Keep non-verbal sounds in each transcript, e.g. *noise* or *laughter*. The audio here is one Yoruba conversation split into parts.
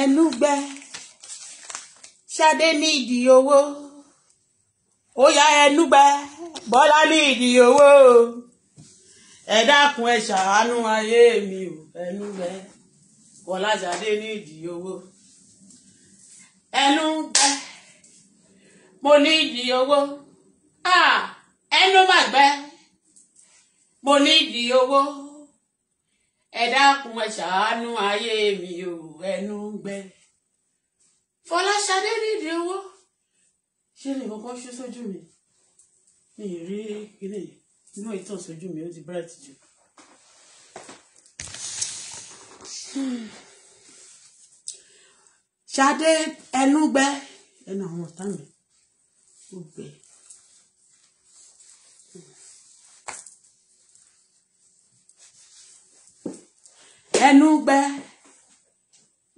Ẹnugbẹ́ Ṣadé ní ìdí owó ó yá Ẹnugbẹ́ Bọ́lá ní ìdí owó ẹ dákun ẹ ṣàánú ayé mi ò Ẹnugbẹ́ Bọ́lá Ṣadé ní ìdí owó Ẹnugbẹ́ mo ní ìdí owó ah, ẹnu màgbẹ́ mo ní ìdí owó ẹ dákun ẹ ṣàánú ayé mi ò ẹnu ń gbẹ. Fọláṣadé nídìí owó ṣé ní kankan ṣú sójú mi mi ì rí kíní inú ìtàn sójú mi ó ti bright jù. Ṣadé ẹnu gbẹ ẹnu àwọn ọ̀tá mi ó gbẹ. ẹnu gbẹ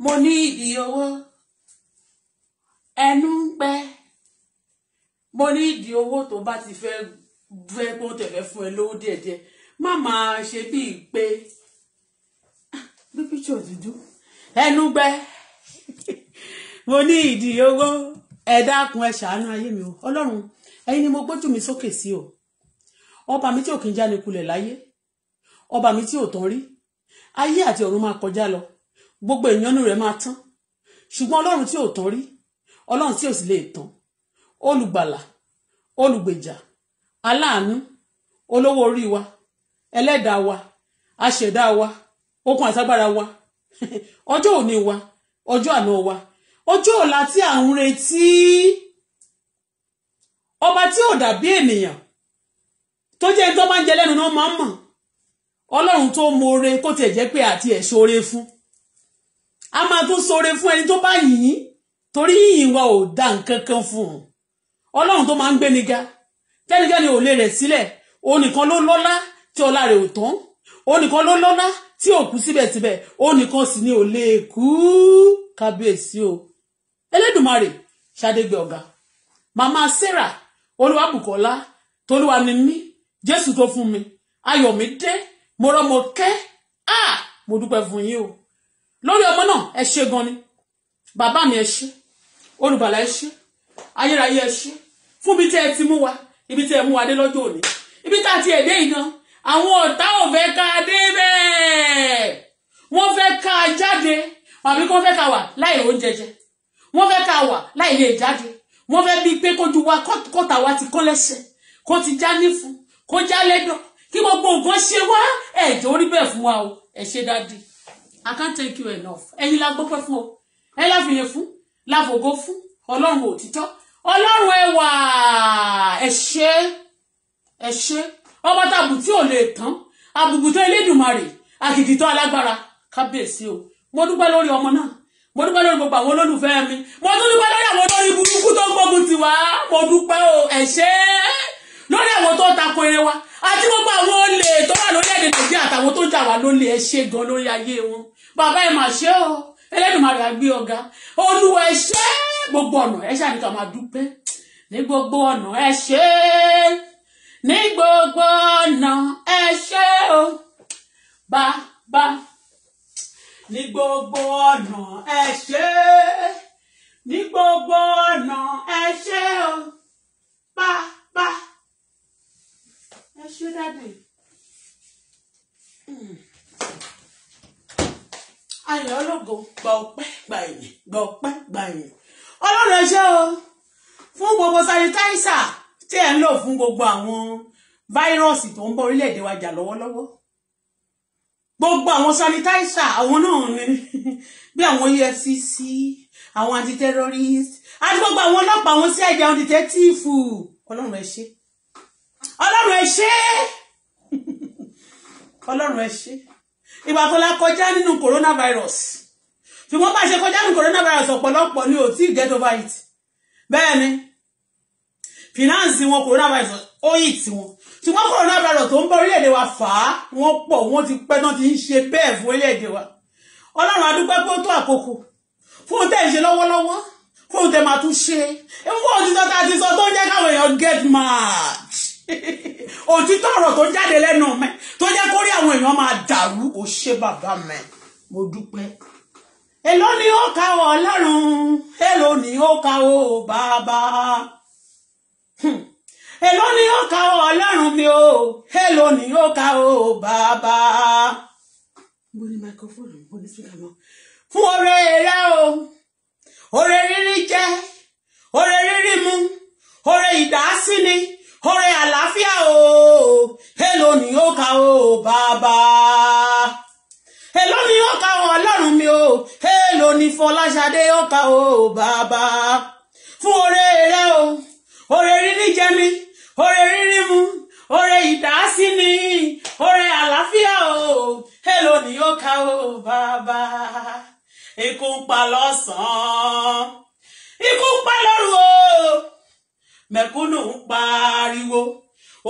mo ní ìdí owó ẹnu gbẹ mo ní ìdí owó tó bá ti fẹ́ bú ẹgbọ́n tẹ̀lé fún ẹ lówó díẹ̀díẹ̀ má máa ṣe bíi pé bí píṣọ dúdú ẹnu gbẹ mo ní ìdí owó ẹ dákun ẹ ṣàánú ayé mi o ọlọ́run ẹ̀yin ni mo gbójú mi sókè sí o ọba mi tí ò kí ń jáde kulẹ̀ láyé ọba mi tí ò tán rí ayé àti ọ̀run máa kọjá lọ gbogbo ìyanu rẹ̀ máa tán ṣùgbọ́n ọlọ́run tí ò tán rí ọlọ́run tí ò sì lè tán olùgbàlà olùgbèjà aláàánú olówó orí wa ẹlẹ́dàá wa aṣẹ̀dá wa okun àtagbára wa *laughs* ọjọ́ òní wa ọjọ́ àná wa ọjọ́ ọ̀la tí à ń retí ọba tí ò dàbí ènìyàn tó jẹ́ ẹni tó máa ń jẹ lẹ́nu náà máa ń mọ̀ ọlọ́run tó mọ̀ọ́re kó tiẹ̀ jẹ́ pé àti ẹ̀ ṣoore fún a máa tún ṣoore fún ẹni tó bá yìnyín torí yìnyín wa ò dá nǹkan kan fún un ọlọ́run tó máa ń gbéni ga tẹ́nikẹ́ni ò lè rẹ̀ sílẹ̀ òun nìkan ló lọ́lá tí ọlá rẹ̀ ò tán òun ló lọ́lá tí ò kú síbẹ̀síbẹ̀ òun sì ni ò lè kú kábíyèsí o Elédùmarè ṣàdégbé ọ̀gá màmá Sarah Olúwabùkọ́lá tolúwa ni mí Jésù tó fún mi ayọ̀ mi dé mo rọ mo kẹ́ ah mo dúpẹ́ fún yín o lórí ọmọ náà ẹ ṣe gan ni bàbá mi ẹ ṣe olùbàlà ẹ ṣe ayérayé ẹ ṣe fún ibi tí ẹ ti mú wa ibi tí ẹ mú wa dé lọ́jọ́ òní ibi tá a ti ẹ̀dẹ́ yìí gan àwọn ọ̀tá ò fẹ́ ká dé bẹ́ẹ̀ wọ́n fẹ́ ká jáde àbí kí fẹ́ ká wà láì oúnjẹ jẹ wọ́n fẹ́ ká wà láì lè jáde wọ́n fẹ́ bíi pé kójú wa kọ́ta wa ti kọ́ lẹ́sẹ̀ kó ti já nífun kó já lẹ́dọ̀ kí gbogbo nǹkan ṣe wá ẹ̀jọ̀ orí bẹ́ẹ̀ fún wa o ẹ ṣe dáadé I can't thank you enough ẹ̀yin la gbọ́pẹ́ fún o ẹ láfihàn fún láfògó fún ọlọ́run òtítọ́ ọlọ́run ẹwà ẹ ṣé ẹ ṣé ọmọ tàbù tí ò lè tán àbùkùtọ́ elédùnmarè àkìkìtọ́ alágbára kábíyèsí o mo dúpẹ́ lórí ọmọ náà mo dúpẹ́ lórí gbogbo àwọn olólùfẹ́ mi mo tún dúpẹ́ lórí àwọn olórí burúkú tó gbógun tiwa mo dúpẹ́ o ẹ ṣé lórí àwọn tó tako wa àti gbogbo àwọn olè tó wà lórí èdè nàìjíríà àtàwọn tó jà wá lólè ẹ ṣe gan lórí ayé wọn bàbá ẹ mà ṣe o ẹlẹ́dùnmarè àgbé ọ̀gá olúwa ẹ ṣe gbogbo ọ̀nà ẹ ṣáà ní ká máa dúpẹ́ ní gbogbo ọ̀nà ẹ ní gbogbo ọ̀nà ẹ o bàbá ní gbogbo ọ̀nà ẹ ṣe ní gbogbo ọ̀nà ẹ o bàbá ẹ ṣé dáàdì hmm. ayọ̀ ológo gba ọpẹ́ gba ẹ̀yìn gba ọpẹ́ gba ẹ̀yìn ọlọ́run ẹ ṣé o fún gbogbo sanitaisa tí ẹ̀ ń lò fún gbogbo àwọn fáírọ́ọ̀sì tó ń bọ orílẹ̀-èdè wa jà lọ́wọ́lọ́wọ́ gbogbo àwọn sanitaisa àwọn náà ni bí àwọn EFCC àwọn antiterrorist àti gbogbo àwọn ọlọ́pàá àwọn sí ẹ̀jẹ̀ àwọn dìtẹ́tíìfù ọlọ́run ẹ ṣé ọlọ́run ẹ ṣé ọlọ́run ẹ ṣé ìgbà tó la kọjá nínú coronavirus ṣùgbọ́n bá ṣe kọjá nínú coronavirus ọ̀pọ̀lọpọ̀ ni ò tí get over it bẹ́ẹ̀ ni finance wọn coronavirus ó yìí tí wọn ṣùgbọ́n coronavirus tó ń bá orílẹ̀-èdè wa fà á wọ́n pọ̀ wọ́n ti pẹ́ náà ti ń ṣe bẹ́ẹ̀ fún orílẹ̀-èdè wa ọlọ́run adúpẹ́ pé ó tó àkókò fún tẹ̀ ń ṣe lọ́wọ́lọ́wọ́ fún tẹ̀ máa tún ṣe é fún òtítọ́ tá a ti sọ tó ń jẹ́ káwọn èèyàn get mad òtítọ́ ọ̀rọ̀ tó jáde lẹ́nu mi tó jẹ́ kórí àwọn èèyàn máa dàrú ó ṣe bàbá mi mo dúpẹ́ èló ni ó ka ọ ọlọ́run èló ni ó ka ọ bàbá hmm. èló ni ó ka ọ ọlọ́run mi o èló ni ó ka ọ bàbá. mo ní microphone mo ní sílẹ̀ mọ́ fún oore rẹ o oore rírí jẹ oore rírí mu oore ìdásí ni oore àlàáfíà o èló ni ó kà o bàbá èló ni ó kà o ọlọ́run mi o èló ni Fọláṣadé ó ka o bàbá fún oore rẹ o oore rírí jẹ mi oore rírí mu oore ìdásí ni oore àlàáfíà o èló ni ó kà o bàbá ikú pa lọ́sàn-án ikú pa lóru o mẹ̀kúnnù ń pariwo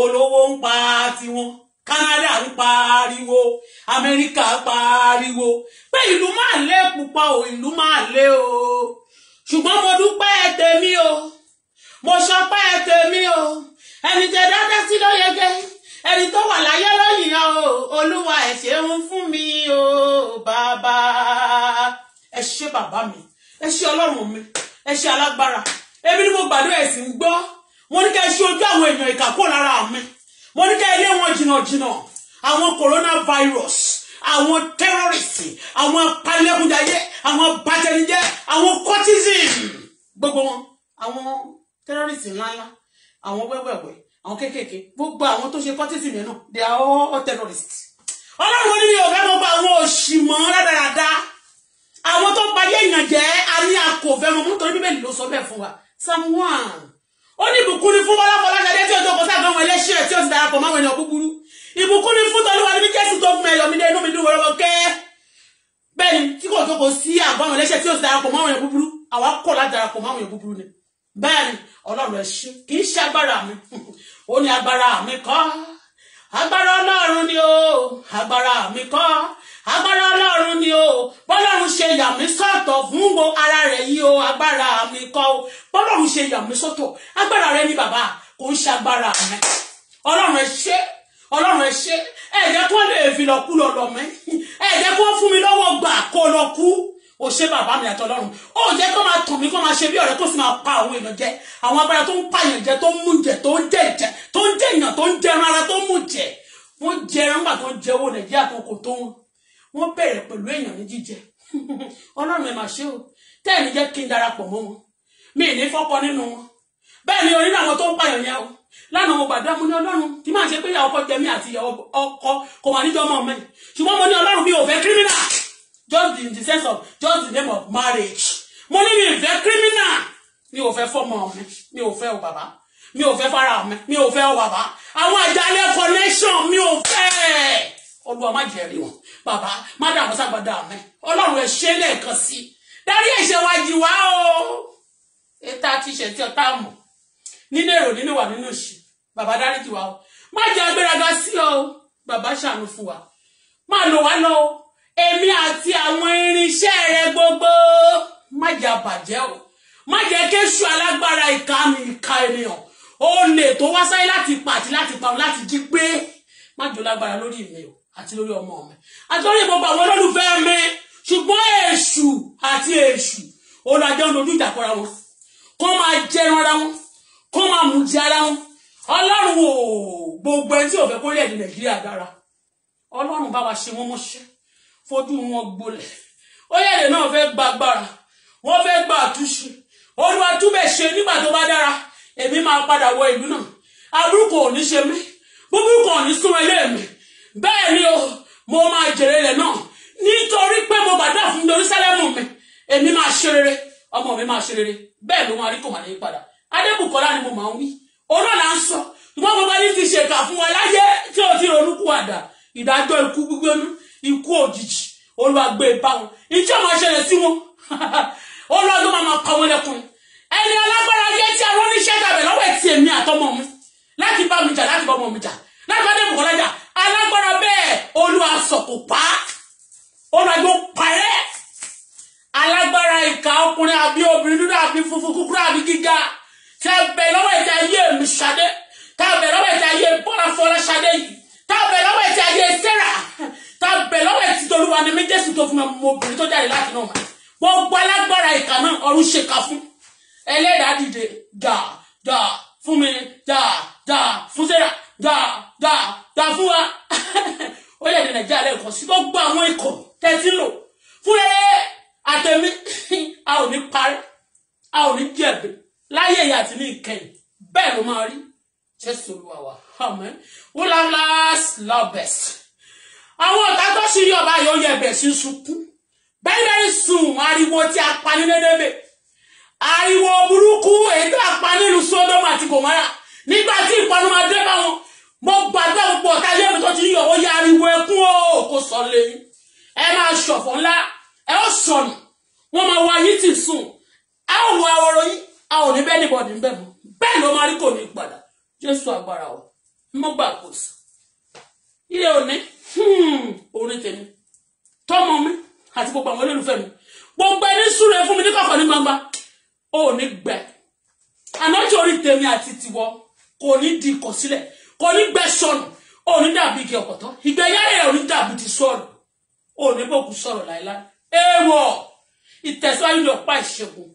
olówó ń pa tiwọn Canada ń pariwo Amẹ́ríkà pariwo pé ìlú máa lé pupa o ìlú máa lé o ṣùgbọ́n mo dúpẹ́ mi o mo ṣọpẹ́ tèmi o ẹni tẹ dáadáa sí ló yege ẹni tó wà láyé lóyìn o olúwa ẹ ṣeun fún mi o bàbá ẹ ṣé bàbá mi ẹ ṣé ọlọ́run mi ẹ ṣé alágbára èmi ni mo gbàdúrà ẹ̀sìn gbọ́ mo ní ká ẹ ṣí ojú àwọn èèyàn ìkà kúrò lára mi mo ní ká ẹ lé wọn jìnnàjìnnà àwọn coronavirus àwọn terrorists àwọn apanilẹ́kúnjayé àwọn abatẹnijẹ́ àwọn cultism gbogbo wọn àwọn terrorists ńláńlá àwọn wẹ́wẹ́wẹ́ àwọn kéékèèké gbogbo àwọn tó ṣe cultism yẹn náà they are all terrorists ọlọ́run ní mi ò fẹ́ mọ́ pa àwọn òṣìmọ́ rádaràda àwọn tó bayé ìyànjẹ́ a ní a kò fẹ́ mọ́ mú torí bíbélì ló sọ bẹ́ẹ̀ fún wa Someone. one ó ní ìbùkún ni fún bọ́lá fọláṣadé tí òjò kò sáàgbọ́n àwọn ẹlẹ́ṣẹ̀ tí ó ti darapọ̀ máwọn ènìyàn kúkúrú ìbùkún ni fún tọ́lúwa níbi jésù tó fún ẹyọ mi dé inú mi dúró lọ́wọ́ kẹ́ bẹ́ẹ̀ ni tí kò tó kò sí àgbọ̀n àwọn ẹlẹ́ṣẹ̀ tí ó ti darapọ̀ máwọn ènìyàn kúkúrú àwa kọ̀ láti darapọ̀ máwọn ènìyàn kúkúrú ni bẹ́ẹ̀ ni ọlọ́run ẹ̀ ṣe kì í ṣe agbára mi *laughs* ó ní agbára mi kọ́ agbára ọlọ́run ni ó agbára mi agbára ọlọ́run ni o bọ́lọ́run ṣe yà mí sọ́tọ̀ fún wo ara rẹ̀ yìí o agbára mi kọ́ o bọ́lọ́run ṣe yà mí sọ́tọ̀ agbára rẹ ni bàbá kò ń ṣe agbára rẹ ọlọ́run ẹ ṣé ọlọ́run ẹ ṣé ẹ̀ẹ́dẹ́ kó lè fi lọ kú lọ lọ mẹ́ ẹ̀ẹ́dẹ́ kó fún mi lọ́wọ́ gbà kó lọ kú o ṣe bàbá mi àtọlọ́run ó jẹ́ kó máa tàn mí kó máa ṣe bí ọ̀rẹ́ kó sì máa pa àwọn èèyàn jẹ àwọn abára tó ń pààyàn jẹ tó ń mú jẹ tó ń jẹ jẹ tó ń jẹ èèyàn tó ń jẹran ara tó ń mú jẹ wọ́n jẹran gbà tó ń jẹ owó nàìjíríà tó kò tó ń wọ́n bẹ̀rẹ̀ pẹ̀lú èèyàn ní jíjẹ *laughs* ọlọ́run ẹ̀ mà ṣe o tẹ́ẹ̀ni jẹ́ kí n darapọ̀ mọ́ wọn mi ní fọ́kọ nínú wọn bẹ́ẹ̀ ni onínú àwọn tó ń pààyàn yẹn o lánàá mo gbàdúrà mo ní ọlọ́run kì í máa ṣe pé ìyá ọkọ jẹ mí àti ìyá ọkọ kò wà níjọ ọmọ mi ṣùgbọ́n mo ní ọlọ́run mi ò fẹ́ kírímínà just in the sense of just the name of marriage mo ní mi ìfẹ́ kírímínà mi ò fẹ́ fọ́mọ mi mi ò fẹ́ o bàbá mi ò fẹ́ fara mi mi ò fẹ́ o bàbá àwọn àjálẹ̀ connection mi ò fẹ́ olúwa má jẹ̀rí wọn bàbá má dà wọn sábà dà mẹ́ ọlọ́run ẹ̀ ṣe lẹ́ẹ̀kan sí i dárí ẹ̀ṣẹ̀ wa jì wá o ètò àti ìṣẹ̀ tí ọ̀tá mọ̀ nínú èrò nínú wà nínú ìṣù bàbá dárí jì wá o má jẹ́ agbéraga sí o bàbá ṣàánú fún wa má lò wá lọ o èmi àti àwọn irinṣẹ́ rẹ gbogbo má jẹ́ àbàjẹ́ o má jẹ́ kéṣù alágbára ìka mi ìka ènìyàn ó lè tó wá sáyé láti pàtí láti pàmò láti jí gbé má jọ lágbára lórí mi o àti lórí ọmọ mi àti lórí ìbọn àwọn olólùfẹ́ mi ṣùgbọ́n èṣù àti èṣù olùdájọ́ lójú ìjà kọ́ra wọn kó máa jẹran ara wọn kó máa mú ti ara wọn ọlọ́run ò gbogbo ẹni tí ò fẹ́ kó rí ẹ̀dùn nàìjíríà dára ọlọ́run bá wa ṣe wọ́n mọ́ṣẹ́ fojú wọn gbolẹ̀ oyèdè náà fẹ́ gba agbára wọ́n fẹ́ gba àtúnṣe olúwa túbẹ̀ ṣe nígbà tó bá dára èmi máa padà wọ ìlú náà aburú kò ní ṣe mí búburú kò ní súnmọ́ ilé mi bẹ́ẹ̀ ni o mo máa jèrè rẹ̀ náà nítorí pé mo gbàdúrà fún Jerúsálẹ́mù mi èmi máa ṣe rere ọmọ mi máa ṣe rere bẹ́ẹ̀ ló máa rí kò máa yí padà Adébùkọ́lá ni mo máa ń wí òun náà là ń sọ ṣùgbọ́n mo bá ní ti ṣèkà fún wa láyé tí o ti ronú kú àdá ìdájọ́ ikú gbígbónú ikú òjijì Olúwa gbé e bá wọn ìjọ máa ṣẹlẹ̀ sí wọn *laughs* Olúwa ló máa máa kọ́ wọn lẹ́kùn ẹni alágbára yẹ tí àwọn oníṣẹ́ tàbí lọ́wọ́ ẹ̀ tí èmi àtọmọ mi láti bá mi jà láti bá ọmọ mi jà láti bá Adébùkọ́lá jà alágbára bẹ́ẹ̀ olúwa sọ̀kò pa olúwa yóò pa ẹ́ alágbára ìka ọkùnrin àbí obìnrin dúdú àbí funfun kúkúrú àbí gíga tẹ bẹ lọ́wọ́ ìtẹ ayé mi ṣadé tẹ bẹ lọ́wọ́ ìtẹ ayé bọ́lá fọlá ṣadé yìí tẹ bẹ lọ́wọ́ ìtẹ ayé sẹ́rà tẹ bẹ lọ́wọ́ ìtẹ tolúwa ni mi jésù tó fún mi mo obìnrin tó jáde láti náà gbogbo alágbára ìka náà ọ̀run ṣe kà fún ẹlẹ́dàá dìde dà dà fún mi dà dà fún sẹ́rà dà dà da fún wa ó lè dé nàìjíríà lẹ́ẹ̀kan sí gbogbo àwọn ikọ̀ tẹ́tí lò fún ẹ àtẹ̀mí a ò ní parí a ò ní jẹ̀bi láyé ìyá àti ní ìkẹyìn bẹ́ẹ̀ ló máa rí jésù olúwa wa amen wúláńláàs lọ́bẹ̀s àwọn ọ̀tá tó ṣì yọ̀ báyìí ó yẹ ẹ̀bẹ̀ sí sunkún bẹ́ẹ̀rẹ̀ sùn ariwo tí a pa ní lẹ́lẹ́bẹ̀ ariwo burúkú èyí tó a pa nílùú sódómù àti gòmárà nígbà tí ìpanu máa dé bá mo gbàgbé gbogbo ọ̀tá ayé mi tó ti yọ̀ ó yariwo ẹkún o kò sọ lé yín ẹ máa ṣọ̀fọ̀ ńlá ẹ ó sọnù wọ́n máa wá yín tì sùn a ó wọ ọ̀rọ̀ yín a ò ní bẹ́ẹ̀ ní bọ̀dì bẹ́ẹ̀ mọ́ bẹ́ẹ̀ ló máa rí kò ní padà jésù agbára o mo gbà kò sí ilé òní hmm, orin tèmi tọmọ mi àti gbogbo àwọn olólùfẹ́ mi gbogbo ẹni súre fún mi ní kọ̀kọ̀ ní gbangba ò gbẹ ànájọ orí tèmi àti tiwọ kò ní di ìkọ̀sílẹ̀ kò ní gbẹ sọnù ò ní dàbí igi ọ̀pọ̀tọ́ ìgbéyàwó rẹ̀ ò ní dàbí ti sọ̀rọ̀ ò ní bòkú sọ̀rọ̀ láìláì èèwọ̀ ìtẹ̀síwájú ní ọ̀pá ìṣègùn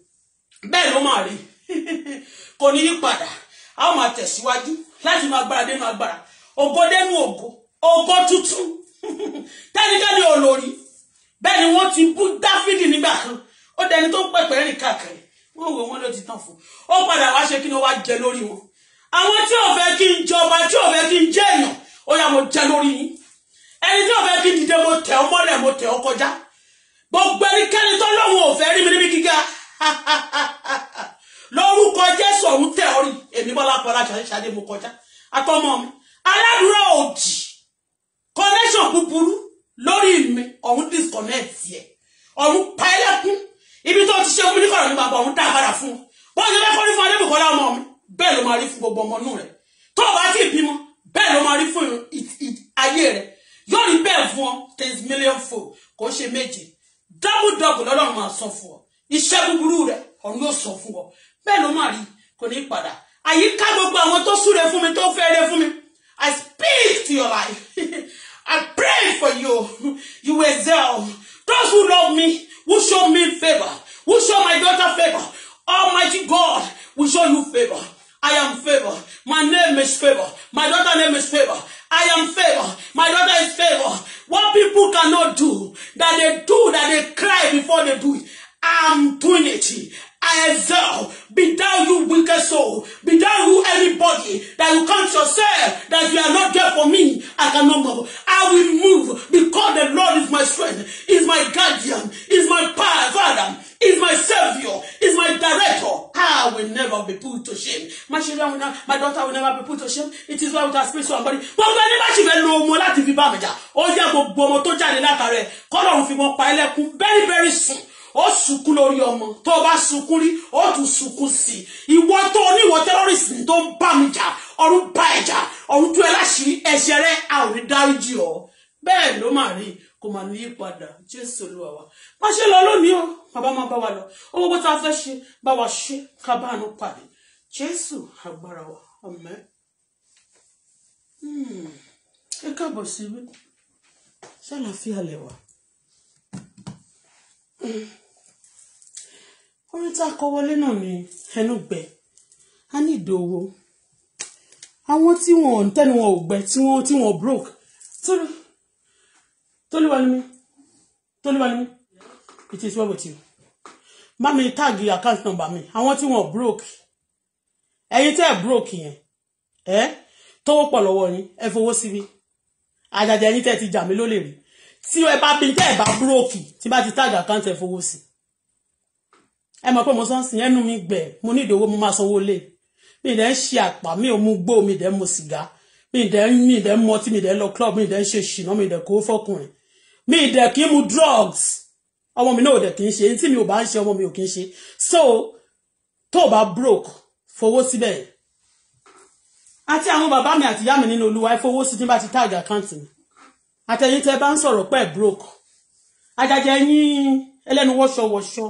bẹ́ẹ̀ ló máa rí kò ní yí padà a ó máa tẹ̀síwájú láti máa gbára dénú agbára ògo dénú ògo ògo tuntun *laughs* tẹ́nikẹ́ni olórí bẹ́ẹ̀ ni wọ́n ti bú Dáfídì nígbà kan ó dẹni tó pẹ̀pẹ̀ rìn káàkiri wọ́n wò wọ́n ló ti tán fún ó padà wá ṣe kí ni ó wá jẹ lórí wọn àwọn tí ò fẹ́ kí n jọba tí ò fẹ́ kí n jẹ́ èèyàn ó yá mo jẹ lórí yín ẹni tí ò fẹ́ kí n dìde mo tẹ̀ ọ́ mọ́lẹ̀ mo tẹ̀ ọ́ kọjá gbogbo ẹnikẹ́ni tó lóun ò fẹ́ rí mi níbi gíga *laughs* lórúkọ Jésù ọ̀hún tẹ̀ ọ́ rí èmi Bọ́lá Bọ́lá Ṣadé mo kọjá àtọmọ mi aládùúrà òdì connection búburú lórí mi ọ̀hún disconnect yẹ ọ̀hún pa ẹlẹ́kún ibi tó ti ṣe omi nígbà ọ̀hún bàbá ọ̀hún dá padà fún wọn bọ́ọ̀lù ẹlẹ́kọ́ ní fún Adébùkọ́lá ọmọ mi bẹ́ẹ̀ ló máa rí fún gbogbo ọmọ inú rẹ̀ tó o bá ti bímọ bẹ́ẹ̀ ló máa rí fún ayé rẹ̀ yóò rí bẹ́ẹ̀ fún ọ ten million four kò ṣe méje double double lọ́dọ̀ máa sọ fún ọ iṣẹ́ búburú rẹ̀ ọ̀run yóò sọ fún ọ bẹ́ẹ̀ ló máa rí kò ní padà àyíká gbogbo àwọn tó súre fún mi tó fẹ́rẹ̀ fún mi I speak to your life *laughs* I pray for you you will excel those who love me who show me favour who show my daughter favour Almighty God will show you favour I am favor. My name is favor. My daughter name is favor. I am favor. My daughter is favor. What people cannot do, that they do, that they cry before they do it. I'm doing it. I exalt. Be thou you wicked soul. Be thou you anybody that you count yourself that you are not there for me. I cannot move. I will move because the Lord is my strength, is my guardian, is my power, father, is my savior, is my director. I will never be put to shame. My children will not, my daughter will never be put to shame. It is why we have spirit somebody. Wọ́n gbé nígbà tí ìfẹ́ lo ọmọ láti fi bá mi jà. Ó yẹ gbogbo ọmọ tó very very soon ó sunkún lórí ọmọ tó bá sunkún rí ó tún sunkún sí i ìwọ tó oníwọ tẹrọrìsì tó ń bá mi jà ọrùn bá ẹ jà ọrùn tú ẹ láṣìírí ẹ̀ṣẹ̀ rẹ a ò ní dáríjì ọ bẹ́ẹ̀ ló máa rí kò máa ní yípadà jésù olúwa wa má ṣe lọ lónìí o bàbá máa bá wa lọ owó bó ta fẹ́ ṣe bá wa ṣe ká bá àánú pàdé jésù agbára wa àmín hmm. ẹ káàbọ̀ síbí ṣàlàfíà lẹ wà. Mm orin tá a kọ wọlé náà ni ẹnu gbẹ a ní ìdòwò àwọn tí wọn ń tẹnu wọn ò gbẹ tí wọn tí wọn broke tólú tólúwalimi tólúwalimi it is well with you bá mi táàgì account number mi àwọn tí wọn broke ẹ̀yin tẹ́ ẹ broke yẹn ẹ tówó pọ̀ lọ́wọ́ yín ẹ fowó síbi àjàjà ẹ̀yin tẹ́ ti jà mí lólè rí tí ẹ bá bí tẹ́ ẹ bá broke tí bá ti táàgì account ẹ fowó sí i ẹ mọ̀ pé mo sọ́n sìn ẹnu mi gbẹ̀ mo ní ìdòwò mo máa sanwó lé mi dẹ̀ ń ṣe àpá mi ò mu gbó mi dẹ̀ ń mu sìgá mi dẹ̀ ń mi dẹ̀ ń mọtí mi dẹ̀ ń lọ club mi dẹ̀ ń ṣe ṣìnà mi dẹ̀ kó fọkùnrin mi dẹ̀ kí mu drugs ọmọ mi náà ò dẹ̀ kí n ṣe tí mi ò bá ń ṣe ọmọ mi ò kí n ṣe so tó o bá broke fowó síbẹ̀ àti àwọn bàbá mi àti ìyá mi nínú olúwa ìfowó sí ti bá ti tag àkáǹtì mi àtẹ̀yìn tẹ́ bá ń sọ̀rọ̀ pẹ́ broke ajajẹ yín ẹlẹ́nu wọ́ṣọwọ́ṣọ́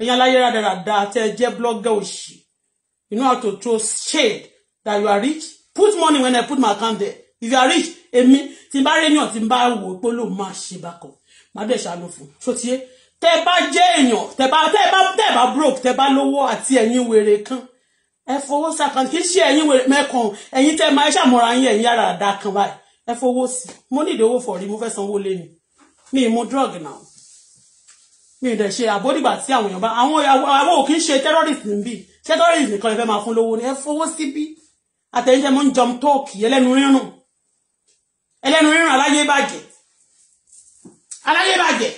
ẹ̀yin aláyé rádaràda tẹ́ ẹ jẹ́ blogger òṣì you know how to throw shade that you are rich put money when I put my account there if you are rich èmi tí n bá réyàn wo n bá wò pé ló máa ṣe bákan máa bẹ̀ ṣàánú fún ṣòtíyé tẹ́ bá jẹ́ èèyàn tẹ́ bá tẹ́ bá tẹ́ bá broke tẹ́ bá lówó àti ẹ̀yin wèrè kan ẹ fowó sí àkàǹtì kì í ṣe ẹ̀yin wèrè mẹ́kan ẹ̀yin tẹ́ máa ṣàmúra yín ẹ̀yin yàrá àdá kan báyìí ẹ fowó sí mo nídìí owó fọ̀rí mo fẹ́ sanwó lé mi mi ì drug now mi ò dẹ̀ ṣe àbódìgbà tí àwọn èèyàn bá àwọn àwọn ò kì í ṣe terrorist níbí ṣé terrorist nìkan lè fẹ́ máa fún lówó ni ẹ fowó síbí àtẹ̀yìntẹ́ mo ń jọm tóòkì ẹlẹ́nu rírùn ẹlẹ́nu rírùn aláyé bàjẹ́ aláyé bàjẹ́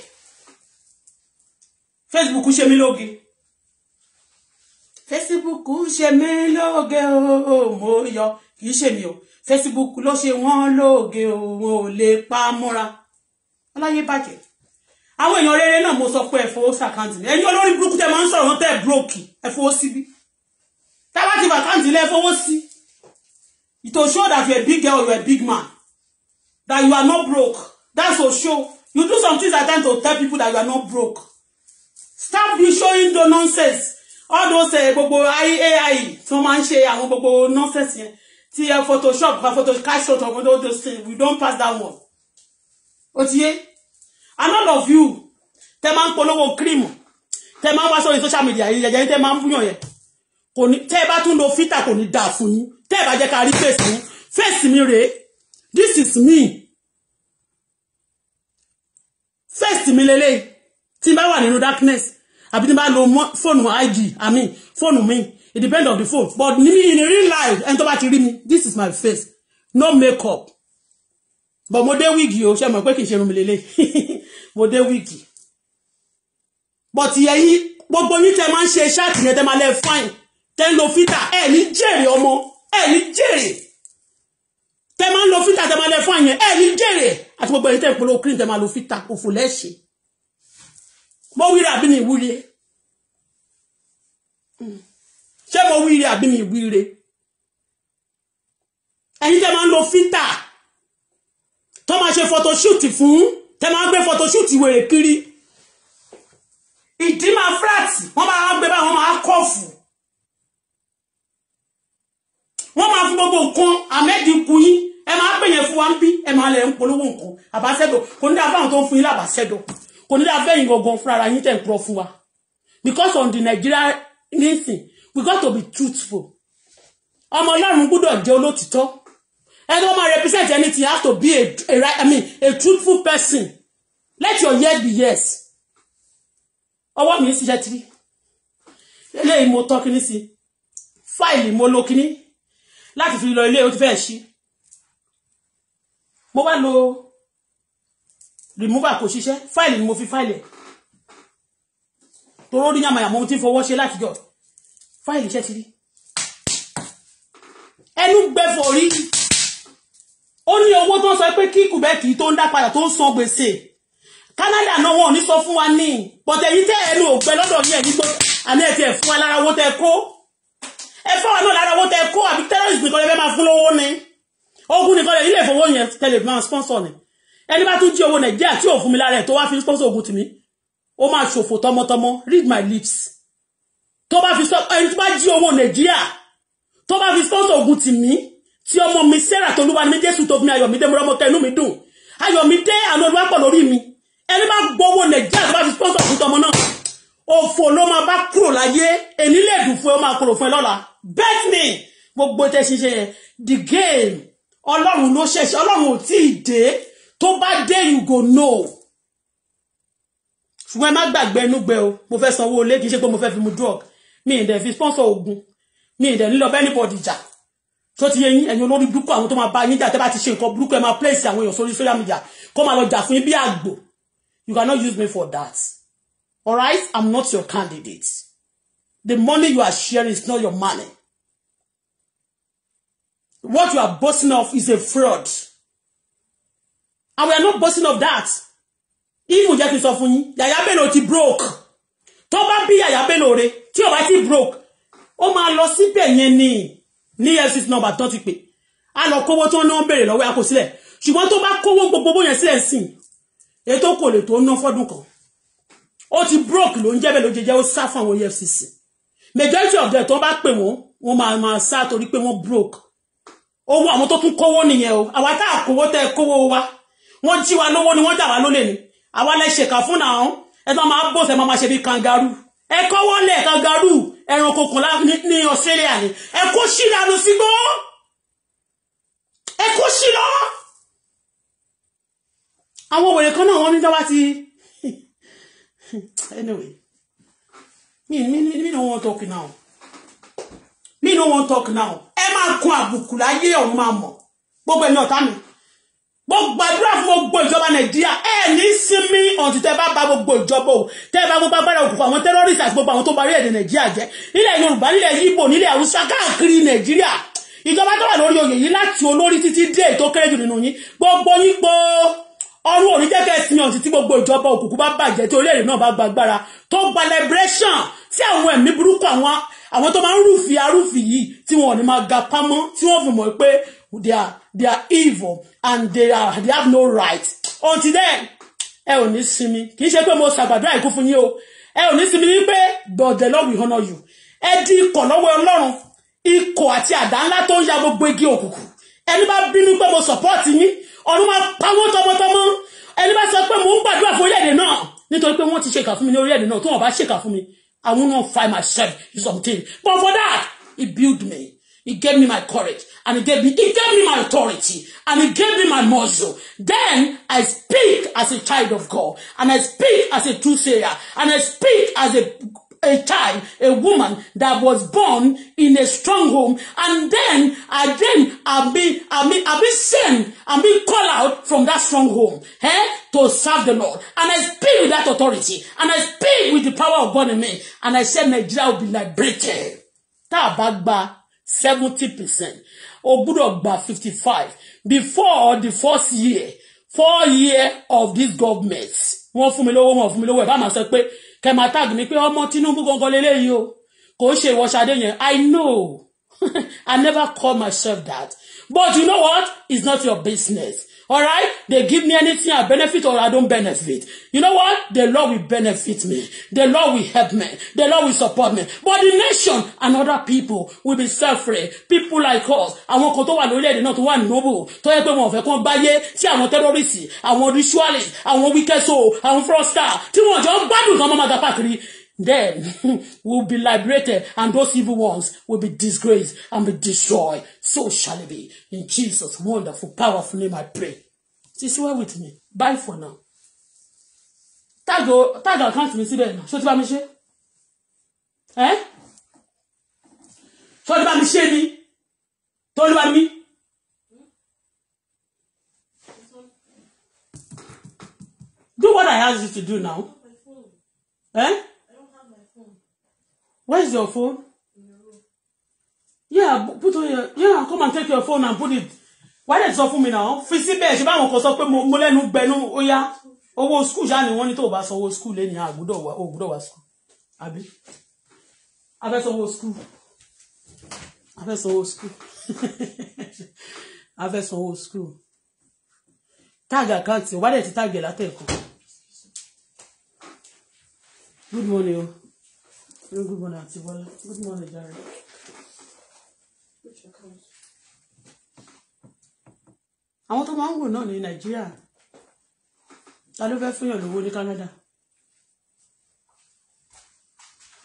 Facebook ṣe mí lóge Facebook ṣe mí lóge o mo yọ kì í ṣe mi o Facebook ló ṣe wọ́n lóge o wọn ò lè pa á múra aláyé bàjẹ́ àwọn èèyàn rere náà mo sọ pé ẹ fowó sàkáǹtì mi ẹ̀yin olórí burúkú tẹ máa ń sọ̀rọ̀ tẹ búrọ́kì ẹ fowó síbí tábà ti vàkáǹtì lẹ fowó sí it will show that you a big girl or you a big man that you are not broke that's for show you do some things like that to tell people that you are not broke stop be showing the nonsense all those eh, gbogbo ai tí wọ́n máa ń ṣe àwọn gbogbo nonsense yẹn ti eh, photoshop photoshop cash shot all those things we don pass that one ó ti yé and all of you tẹ máa ń polówó cream tẹ máa ń wá sórí social media yìí yẹ̀yẹ́ tẹ máa ń búyàn yẹn kò ní tẹ́ bá tún lo filter kò ní dáa fún yín tẹ́ bá jẹ́ ká rí face mi face mi rèé this is me face mi lélẹ́yìí tí n bá wà nínú darkness àbí tí n bá lo fóònù ig i mean fóònù mi it depend on the phone but ní mi in real life ẹni tó bá ti rí mi this is my face no make up bọ̀ mo dé wíìgì o ṣe mọ̀ pé kì í ṣe irun mi lélẹ̀ *laughs* mo dé wíìgì bọ̀tì ẹ̀yìn gbogbo yín tẹ máa ń ṣe ṣáàtì yẹn tẹ máa lẹ fáìn tẹ ń lo fítà ẹ ní jèrè ọmọ ẹ ní jèrè tẹ máa ń lo fítà tẹ máa lẹ fáìn yẹn ẹ ní jèrè àti gbogbo ẹ̀yìn tẹ ń polówó cream tẹ máa lo fítà òfò lẹ́ṣẹ̀ mo wíra àbí ni ìwúre ṣé mo wíire àbí ni ìwúre ẹ̀yin tẹ máa ń lo fítà tó máa ṣe photoshoot fún tẹ́ máa gbé photoshoot wèrè kiri ìdí máa flat wọ́n máa gbé báwọn máa kọ́ọ̀fù wọ́n máa fún gbogbo nǹkan àmẹ́dínkù yín ẹ máa pè yẹn fún wa ń bí ẹ máa lẹ̀ ń polówó nǹkan àbáṣẹ́dọ̀ kò ní dáa fáwọn tó ń fún yín lábàṣẹ́dọ̀ kò ní dáa fẹ́yìn gangan fúnra ara yín tẹ̀ ń purọ́ fún wa because on the Nigeria nation we got to be truthful ọmọ Ọlọ́run gbọ́dọ̀ jẹ́ olótìtọ́ And wọ́n máa represent anything you have to be a, a right I mean a truthful person let your yes be yes ọwọ́ mi ṣiṣẹ́ tiri eléyìí mo tọ́ kíní sí fáìlì mo lo kíní láti fi lọ ilé o ti fẹ́ ṣí mo wá lo rìmúbà kò ṣiṣẹ́ fáìlì ni mo fi fáìlì toró rí yàmàyàmọ́ mo ti fọwọ́ ṣe látijọ́ fáìlì iṣẹ́ tiri ẹnu gbẹ fọ rí ó ní owó tó ń sọ pé kí kùbẹ́ẹ̀kì tó ń dá padà tó ń san gbèsè Canada náà wọn ò ní sọ fún wa ní bọ̀tẹ̀ yìí tẹ́ ẹnu òpẹ lọ́dọ̀ yìí ẹ̀yìn tó àní ẹ̀ tiẹ̀ fún wa lára owó tẹ kó ẹ fún wa náà lára owó tẹ kó àbí terrorist nìkan lè fẹ́ máa fún lówó ni ogun nìkan lè ilé ìfowó yẹn tẹlẹ máa sponsor ni ẹni bá tún jí owó Nàìjíríà tí ò fún mi lára ẹ̀ tó wá fi sponsor ogun tìmí ó máa ṣòfò tọmọtọmọ read my lips tó bá fi ẹni tó bá fi sponsor ogun tìmí tí ọmọ mi Sarah tolúwa ní Jésù tó fi mi Ayọ̀mídé mo rọ́mọ kẹnu mi dùn Ayọ̀mídé àná ìlú àpọ̀ lórí mi ẹni bá gbowó Nàìjíríà tó bá fi sponsor fún tọmọ náà òfò ló máa bá kúrò láyé èmi lè dùn fún ẹ ó máa kúrò fún ẹ lọ́la bet me gbogbo tẹ ṣiṣẹ yẹn the game ọlọ́run ló ṣẹ̀ṣẹ̀ ọlọ́run ò tí ì dé tó bá dé you go know ṣùgbọ́n ẹ má gbàgbé ẹnugbẹ o mo fẹ́ sanwó olé kì í ṣe pé mo fẹ́ fi mu drug mi ì dẹ̀ fi sponsor oògùn mi ì dẹ̀ nílọ bẹ́ẹ̀ níbọ̀dì jà tó ti yẹ yín ẹ̀yin olórí burúkú àwọn tó máa bá yín jà tẹ́ bá ti ṣe nǹkan burúkú ẹ máa place àwọn èèyàn sórí social media kó máa lọ jà fún yín bí àgbò you cannot use me for that alright i'm not your candidate the money you are sharing is not your money what you are boasting off is a fraud and we are not boasting off that if ǹjẹ́ kí n sọ fún yín yàyà bello ti broke tó bá bí yàyà bello re tí ó bá ti broke ó máa lọ síbẹ̀ yẹn ni ní fcc nọ́mbà tó ti pè á lọ kówó tó ń ná béèrè lọ́wọ́ àkó sílẹ̀ ṣùgbọ́n tó bá kówó gbogbo bó yẹn sílẹ̀ sìn ètò kò lè tó ná fọ́dún kan ó ti broke ló ń jẹ́ bẹ́ẹ̀ ló jẹjẹ́ ó sá fún àwọn efcc majority of them tó bá pè wọ́n wọ́n máa máa sá torí pé wọ́n broke owó àwọn tó tún kówó nìyẹn o àwa tá à kówó tẹ kówó wa wọ́n jí wa lówó ni wọ́n dà wá lólè ni àwa lẹ ṣèkà fún náà ẹ tó máa bó ṣe máa ṣe bí kangaroo ẹ kọ́wọ́ lẹ̀ kangaroo ẹranko kan ní Australia ni ẹ kó sí ìlànà sígbó ẹ kó sí lọ àwọn òwèrè kan náà wọ́n ní dáwà ti *laughs* anyway me me me no wan talk now me no wan talk now ẹ máa kún àbùkù láyé ọ̀run máa mọ̀ gbogbo ẹ̀ ní ọ̀tá mo gbàdúrà fún gbogbo ìjọba nàìjíríà ẹ ní sinmi ọ̀tún tẹ bá ba gbogbo ìjọba o tẹ bá gbogbo agbára òkùnkùn àwọn terrorist àti gbogbo àwọn tó barí èdè nàìjíríà jẹ nílẹ̀ yorùbá nílẹ̀ yíbò nílẹ̀ haúsá káàkiri nàìjíríà ìjọba tó wà lórí oyè yìí láti olórí títí dé ètò kéré jù nínú yín gbogbo yín po ọrùn òní jẹ́ kẹ́ sin tí gbogbo ìjọba òkùnkùn bá bàjẹ́ tí orílẹ̀-èdè náà bá gba tó gba àwọn tó máa ń rúfin arúfin yìí tí wọn ò ní máa ga pamọ́ tí wọ́n fi mọ̀ pé they are they are evil and they are they have no right until then ẹ ò ní sinmi kì í ṣe pé mo ṣàgbàdúrà ikú fún yín o ẹ ò ní sinmi wípé but the Lord will honour you ẹ di ikọ̀ lọ́wọ́ Ọlọ́run ikọ̀ àti àdá ńlá tó ń ya gbogbo igi òkùnkùn ẹni bá bínú pé mo support yín ọ̀run máa pawó tọmọtọmọ ẹni bá sọ pé mo ń gbàdúrà fún orílẹ̀-èdè náà nítorí pé wọ́n ti ṣèkà fún mi ní orílẹ̀-èdè náà tó wọ́n bá ṣèkà fún mi I will not find myself in something. But for that, he built me. He gave me my courage. And he gave me, he gave me my authority. And he gave me my muscle. Then I speak as a child of God. And I speak as a true sayer. And I speak as a a child, a woman that was born in a strong home, and then I then I'll be I'll be I'll be sent, I'll be called out from that strong home, eh, to serve the Lord. And I speak with that authority, and I speak with the power of God in me, and I said Nigeria will be like Britain. a bá gba seventy percent, o fifty-five before the first year, four year of this government. Wọ́n fún mi one wọ́n fún mi lówó ẹ̀ bá máa sọ pé kẹmà tag mi pé ọmọ Tinubu gangan lélẹyìí o kò ṣe ìwọṣadé yẹn I know *laughs* I never call myself that but you know what it's not your business All right? They give me anything I benefit or I don't benefit. You know what? The Lord will benefit me. The Lord will help me. The Lord will support me. But the nation and other people will be suffering. People like us. Àwọn kan tó wà lórílẹ̀-èdè náà tó wà noble. Tó yẹ pé wọn ò fẹ́ kán báyé sí àwọn terrorists, àwọn ritualists, àwọn wicked soul, àwọn fraudsters tí wọ́n jọ gbádùn kan mọ́ máa ga pàkiri. Then *laughs* we'll be liberated and those evil ones will be disgraced and be destroyed. So shall it be. In Jesus' wonderful, powerful name I pray. Just you with me. Bye for now. Tag your tag account me síbẹ̀ náà. Ṣé o ti bá mi ṣe? mi ṣe ni? mi. Do what I ask you to do now. Eh? Where is your phone? Yeah, put on your yeah, come and take your phone and put it. Why did you fún mi now? Fi She ṣe báwọn kan sọ pé mo lẹ́nu gbẹnu ó yá. Owó school ṣáà ni wọ́n ní tó o bá sanwó school lẹ́yìn àgùdọ̀ wa ò gbúdọ̀ wá school. Àbí? A fẹ́ sanwó school. A fẹ́ sanwó school. *laughs* A fẹ́ sanwó school. Tag account Why dẹ̀ you tag ẹ̀ látẹ̀kọ̀. Good morning o. Good morning, Auntie Bola. Good morning, Jerry. Àwọn tó máa ń wò náà ní Nàìjíríà. Ta ló fẹ́ fúnyàn lówó ní Canada?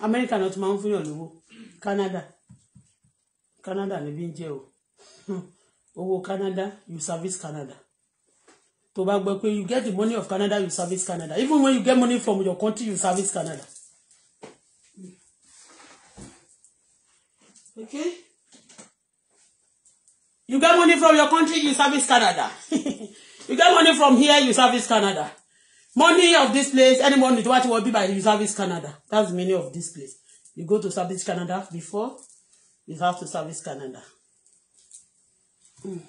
Amẹ́ríkà náà tún máa ń fúnyàn lówó. Canada. Canada níbí ń jẹ́ o. *laughs* Owó Canada, you service Canada. Tó bá gbọ́ pé you get the money of Canada, you service Canada. Even when you get money from your country, you service Canada. Okay? You get money from your country, you service Canada. *laughs* You get money from here, you service Canada. Money of this place, any money what will be by you service Canada. That's the meaning of this place. You go to service Canada before, you have to service Canada. Mm.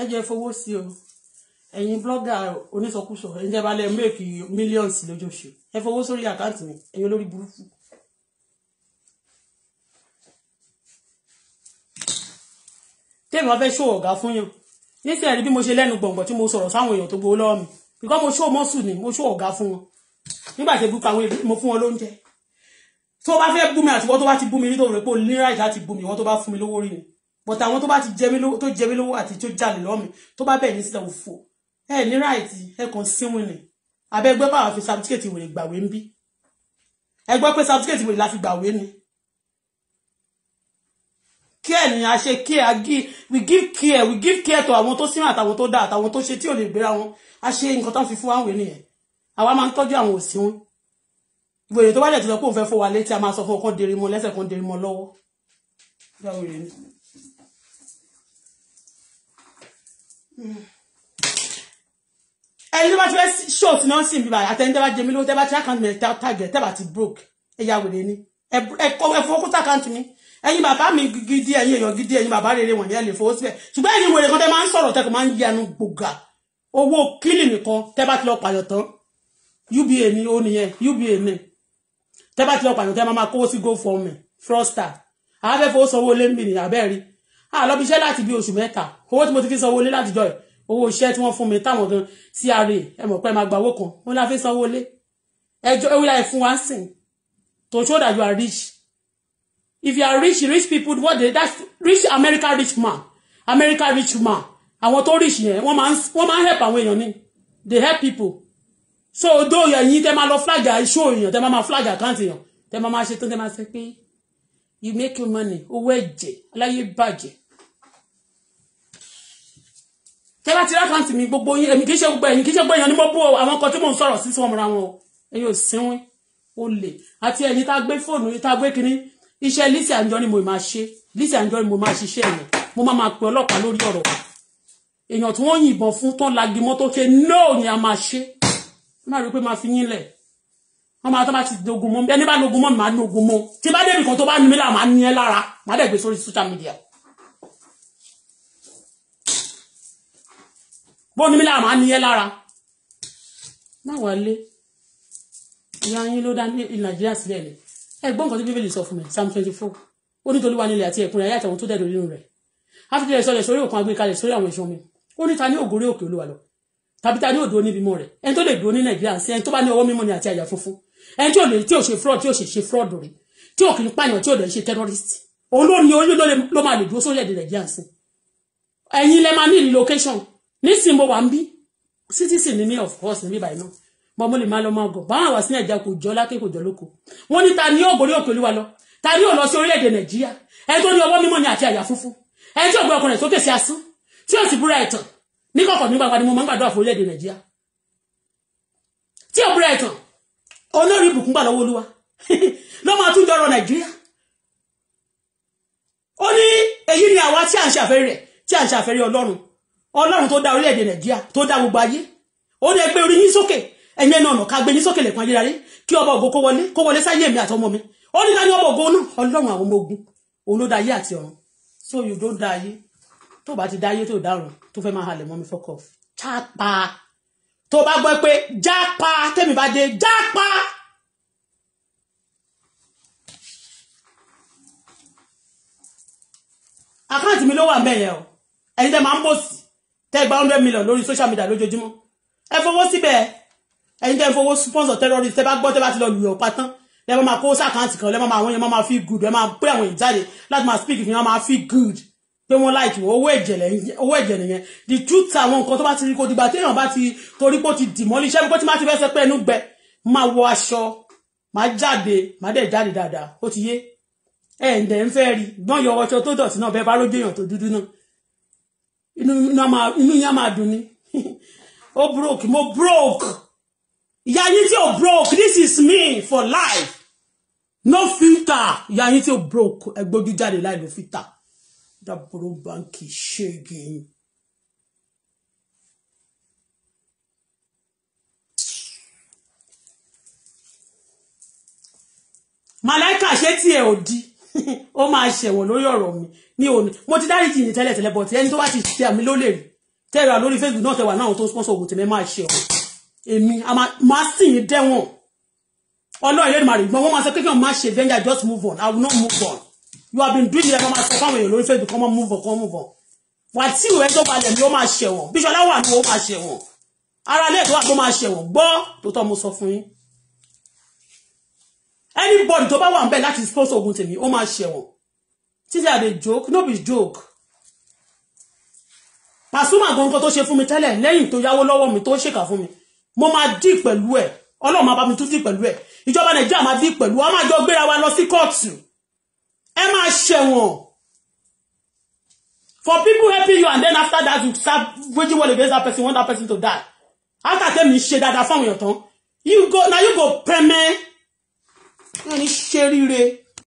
ẹ jẹ́ fowó sí o ẹ̀yin blọ́gà onísọkúsọ ẹ̀yin tẹ́ bá lẹ́ mẹ́ẹ̀kì mílíọ̀nù sí lójooṣù ẹ fowó sórí àkáǹtì mi ẹ̀yin olórí burúkú. tèmi wọn fẹ́ ṣó ọ̀gá fún yàn nísìnyẹn ni bí mo ṣe lẹ́nu gbọ̀ngbọ̀n tí mo sọ̀rọ̀ sáwọn èèyàn tó gbowó lọ́wọ́ mi bíkọ́ mo ṣó mọ́sù ni mo ṣó ọ̀gá fún wọn nígbà tí ebúkọ àwọn èèyàn mo fún wọn lóúnjẹ tí wọ́n bá fẹ́ bú mi àti wọ́n tó bá ti bú mi nítorí pé ní ráì láti bú mi wọ́n tó bá fún mi lówó rí ni bọ̀tà àwọn tó bá ti jẹ mí lówó àti tó jalè lọ́wọ́ mi tó bá bẹ̀ ní sílẹ̀ òfò ẹ ní ráìtì ẹ kàn síwìn ni abẹ́gbẹ́ báwa fi certificate wèrè gbàwé ń bí ẹ gbọ́ pé certificate wèrè la fi gbàwé ni care ni a ṣe care we give care we give care to àwọn tó sínú àtàwọn tó dá àtàwọn tó ṣe tí ò lè gbéra wọn a ṣe nǹkan tó ń fi fún wa wèé nìyẹn àwa máa ń tọ́jú àwọn òsínwìn wèrè tó bá dẹ̀ ti sọ pé òun fẹ́ fọ́ wa létí a máa sọ fún ọkàn dèrè mọ́ lẹ́sẹ̀ kan dèrè mọ́ lọ́wọ́ Mm ẹni tó bá ti fẹ́ ṣóò tí náà sì ń bíbá àtẹni tẹ́ bá jẹ mí lówó tẹ́ bá ti account mi tàgẹ̀ tẹ́ bá ti broke ẹ̀yà wèrè ni ẹ̀kọ́ ẹ̀fọ́ kó tàkáǹtì mi ẹ̀yin bàbá mi gidi ẹ̀yin èèyàn gidi ẹ̀yin bàbá rere wọ̀nyí ẹ̀ lè fowó síbẹ̀ ṣùgbọ́n ẹ̀yin wèrè kan tẹ́ máa ń sọ̀rọ̀ tẹ́kọ̀ máa ń yanu gbòga owó kílì nìkan tẹ́ bá ti lọ pààyàn tán uba ni ó nìyẹn uba ni tẹ́ bá ti lọ pààyàn tẹ́ máa máa kówó sí go for me frosta àbẹ́fowó sanwó lé ń bì ní àbẹ́rí àlọ́bíṣẹ́ láti bí oṣù mẹ́ta owó tí mo ti fi sanwó lé látijọ́ yìí owó iṣẹ́ tí wọ́n fún mi táwọn gan CRA ẹ mọ̀ pé ẹ máa gba owó kan wọ́n láfi sanwó lé ẹjọ́ ewúrẹ́ ẹ fún wa ń sìn to show that you are rich if you are rich rich people what they that rich America rich man America rich man àwọn tó rich yẹn wọ́n máa ń wọ́n máa ń help àwọn èèyàn ni they help people so odó ẹ̀yin tẹ́ máa lọ flag iṣó èèyàn tẹ́ máa máa flag account èèyàn tẹ́ máa máa ṣe tó tẹ́ máa ṣe pé you make your money owó ẹ̀jẹ̀ aláyé bàjẹ́ tẹ́ bá ti rákàǹtì mi gbogbo yín èmi kì í ṣe gbogbo ẹ̀yìn kì í ṣe gbogbo ẹ̀yàn ni mo bú o àwọn kan tí mò ń sọ̀rọ̀ sí sọmọ ra wọn o ẹ̀yin ò sínwín o lè àti ẹ̀yin tá a gbé fóònù yìí tá a gbé kínní iṣẹ́ Lizzy Anjorin mo máa ṣe Lizzy Anjorin mo máa ṣiṣẹ́ ẹ̀yàn mo máa máa pe ọlọ́pàá lórí ọ̀rọ̀ èèyàn tí wọ́n yìnbọn fún tán lagi mọ́tò ṣe náà ni a máa ṣe má rí i pé máa fi yín lẹ̀ wọ́n máa tó bá ti dogun mọ́ ẹni bá dogun mọ́ mi máa dogun mọ́ tí bá débìkan tó bá ní mi là bó ní mi lára máa ní ẹ lára má wà lé ìyá yín ló dá ní nàìjíríà sílẹ̀ ni ẹ gbọ́ nǹkan tí bíbélì sọ fún mi psalm twenty four ó ní tolúwa nílẹ̀ àti ẹ̀kúnrẹ́ ayé àtàwọn tó dẹ̀dọ̀ nínú rẹ̀ áfíríkà ẹ̀sọ́ rẹ̀ sórí òkun agbékalẹ̀ sórí àwọn ìṣan mi ó ní ta ní ògórí òkè olúwa lọ tàbí ta ní òdo oníbímọ rẹ̀ ẹni tó lè dúró ní nàìjíríà sí ẹni tó bá ní ọwọ́ mímọ́ ni àti àyà funfun ẹni tí ò ṣe fraud tí ò ṣe ṣe fraud rẹ̀ tí ò kì í pààyàn tí ò lè ṣe terrorist òun ló ní orí ló máa lè dúró sórí ẹ̀dẹ̀ nàìjíríà sí ẹ̀yin lẹ́ máa ní relocation nísìnyí mo wà ń bí citizen ni mí of course níbí báyìí náà bọ́n mo lè máa lọ máa gọ̀ báwọn àwa sí nàìjíríà kò jọ lákè kò jọ lóko wọ́n ní ta ni yóò gorí òkè olúwa lọ ta ni yóò lọ sí orílẹ̀-èdè nàìjíríà ẹni tó ní ọwọ́ mímọ́ ni àti àyà funfun ẹni tí ògbé ọkùnrin sókè sí asún tí ó sì búra ẹ̀tàn ní kọ̀kọ̀ ní gbàgbà ni mo máa ń gbàdúrà fún orílẹ̀-èdè nàìjíríà tí ò búra ẹ̀tàn olórí ìbùkún *laughs* ni àwa tí à ń ṣàfẹ́rẹ́ tí à ọlọ́run tó dá orílẹ̀-èdè nàìjíríà tó dá gbogbo ayé ó ní ẹgbẹ́ orí yín sókè ẹ̀yin ẹnu ọ̀nà ká gbé yín sókè lẹ́kùn ayérayé kí ọba ògo kó wọlé kó wọlé sáyé mi àtọmọ mi ó ní ká ní ọba ògo náà ọlọ́run àwọn ọmọ ogun òun ló dá ayé àti ọ̀run so you don't dá ayé tó bá ti dá ayé tó dárùn tó fẹ́ máa halẹ̀ mọ́ mi fọ́kọ̀ jápa tó bá gbọ́ pé jápa tẹ́mi bá dé jápa. àkáǹtì mi ló wà ń bẹ̀yẹ̀ o ẹ̀yin tẹ́ máa ń bọ̀ sí tẹ́ gba hundred million lórí social media lójoojúmọ́ ẹ fowó síbẹ̀ ẹ̀yin tẹ́ fowó sponsor terrorist tẹ́ bá gbọ́ tẹ́ bá ti lọ lùyọ̀ pátán lẹ́ máa kó sàkáǹtì kan lẹ́ máa àwọn èèyàn máa feel good ẹ máa pé àwọn èèyàn jáde láti máa speak fi máa feel good pé wọ́n láìkì wọ́n owó ẹ̀jẹ̀ owó ẹ̀jẹ̀ nìyẹn the truth àwọn nǹkan tó bá ti rí kó dìgbà téèyàn bá ti torí pé ó ti dì mọ́lé iṣẹ́ bí kò ti máa ti fẹ́ sẹ́ pé ẹnu gbẹ máa wọ aṣọ máa jáde máa dẹ̀ jáde dáadáa ó ti yé ẹ̀ ǹdẹ̀ ń fẹ́ rí gbọ́n yọ ọṣọ tó dọ̀tí náà bẹ́ẹ̀ bá lójú èèyàn tó dúdú náà inú yín á máa dùn ni *laughs* ó broke mo broke ìyá yín tí ò broke this is me for life no filter ìyá yín tí ò broke ẹgbójú jáde láì lo filter dábòrò báńkì ṣéègì yín. màláìka ṣé tiẹ̀ ò di. *laughs* ó máa ṣẹ̀wọ̀n lórí ọ̀rọ̀ mi ní òní mo ti dáríjì ní tẹ́lẹ̀ tẹ́lẹ̀ bọ̀tì ẹni tó bá ti ṣe àmì ló lè rí tẹ́ra lórí facebook náà tẹwà náà tó ń sponsor ògùn tèmi máa ṣe ọ̀hún èmi máa sì ń dẹ́wọ̀n ọlọ́run yóò máa rí gbọ́n wọ́n máa sọ pé kí wọ́n máa ṣe venga just move on i will not move on you have been doing it ẹ̀ka máa sọ fáwọn èèyàn lórí facebook kọ́mọ́ move on kọ́mọ́ move on wà tí ìwé tó balẹ̀ mi ó máa ṣẹ̀wọ̀n bíṣọ́lá wà ní ó máa ṣẹ̀wọ̀n ara ilé ètò àgbo máa ṣẹ̀wọ̀n gbọ́ tó tọ́ mo sọ fún yín anybody tó bá wà níbẹ̀ láti sponsor ogun tèmi ó máa ṣẹ̀wọ̀n títí àdè joke no be joke Pasuma gan nǹkan tó ṣe fún mi tẹ́lẹ̀ lẹ́yìn tó yáwó lọ́wọ́ mi tó ṣèkà fún mi mo máa dì pẹ̀lú ẹ̀ ọlọ́run máa bá mi tún dì pẹ̀lú ẹ̀ ìjọba nàìjíríà máa dì pẹ̀lú wa máa jọ gbéra wa lọ sí kóòtù ẹ máa ṣẹ̀wọ̀n for people helping you and then after that you start waging war against that person want that person to die after tẹ́mi ṣe dáadáa fáwọn èèyàn tán you go na you go pẹ́mẹ́ wọn ní ṣe ríre